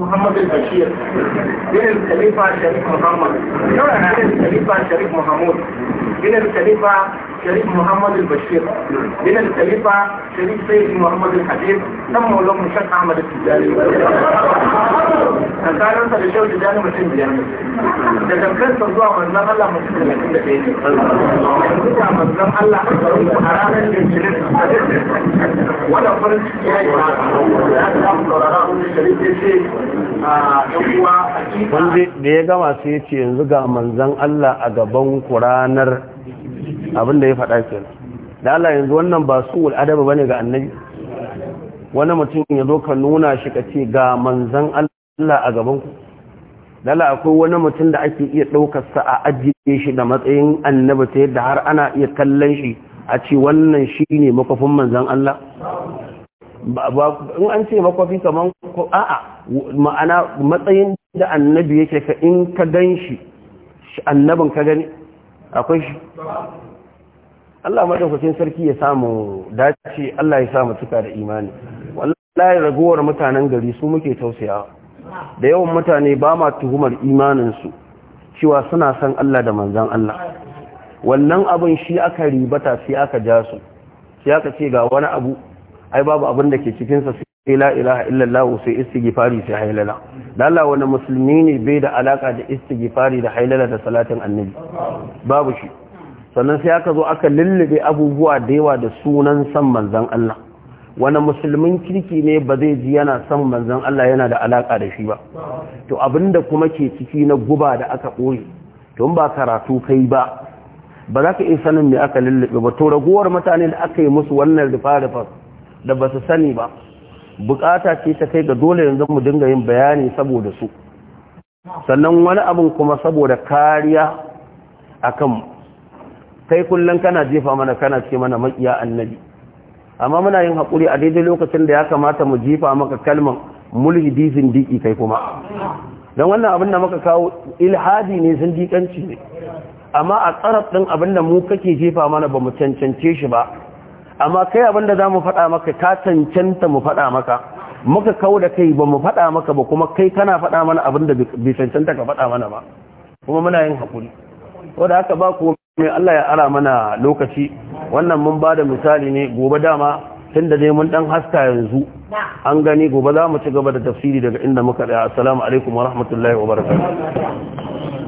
محمد البشير بين الخليفة شريف محمد بين الخليفة شريف محمود بين الخليفة شريف محمد البشير بين الخليفة شريف سيد محمد الحبيب تم لهم شك أحمد التجاري فكان أنت لشيء تجاري مسلم بيعمل تذكرت موضوع من لم الله مسلم لكن انت تاني موضوع من لم الله حرام الانسلام ولا فرق يا جماعة لا تأخذ wanda da ya gama sai ce yanzu ga manzan Allah a gaban ƙuranar abinda ya faɗa ke da Allah yanzu wannan ba su ba bane ga annabi wani mutum ya zo ka nuna shi ka ce ga manzan Allah a gaban ku dala akwai wani mutum da ake iya ɗaukar sa a ajiye shi da matsayin annabi ta yadda har ana iya kallon shi a ce wannan shi ne makafin manzan Allah in an ce makwafi kamar a'a ma'ana matsayin da annabi yake ka in ka gan shi annabin ka gani akwai shi Allah madaukakin sarki ya samu dace Allah ya samu cika da imani wallahi ragowar mutanen gari su muke tausayawa da yawan mutane ba ma tuhumar imaninsu cewa suna san Allah da manzan Allah wannan abin shi aka ribata sai aka ja su sai aka ce ga wani abu ai babu abin da ke cikinsa sai la ilaha illallah sai istighfari sai hailala da Allah wani musulmi ne bai da alaka da istighfari da hailala da salatin annabi babu shi sannan sai aka zo aka lullube abubuwa da yawa da sunan san manzon Allah wani musulmin kirki ne ba zai ji yana san manzon Allah yana da alaka da shi ba to abinda kuma ke ciki na guba da aka ɓoye to ba karatu kai ba ba za ka iya sanin me aka lullube ba to raguwar mutane da aka yi musu wannan rufa-rufa da ba su sani ba bukata ce ta kai ga dole yanzu mu dinga yin bayani saboda su sannan wani abin kuma saboda kariya kan kai kullum kana jefa mana kana ce mana makiya annabi amma muna yin haƙuri a daidai lokacin da ya kamata mu jefa maka kalman mulhidi zindiki kai kuma don wannan abin da muka kawo ilhadi ne zindikanci ne amma a tsarar ɗin abin da mu kake jefa mana ba mu cancance shi ba amma kai abinda za mu faɗa maka ta cancanta mu faɗa maka muka kau da kai ba mu faɗa maka ba kuma kai kana faɗa mana abinda bai cancanta ka faɗa mana ba kuma muna yin haƙuri wadda haka ba ku mai Allah ya ara mana lokaci wannan mun ba da misali ne gobe dama tun da dai mun dan haska yanzu an gani gobe za mu ci gaba da tafsiri daga inda muka tsaya assalamu alaikum wa rahmatullahi wa barakatuh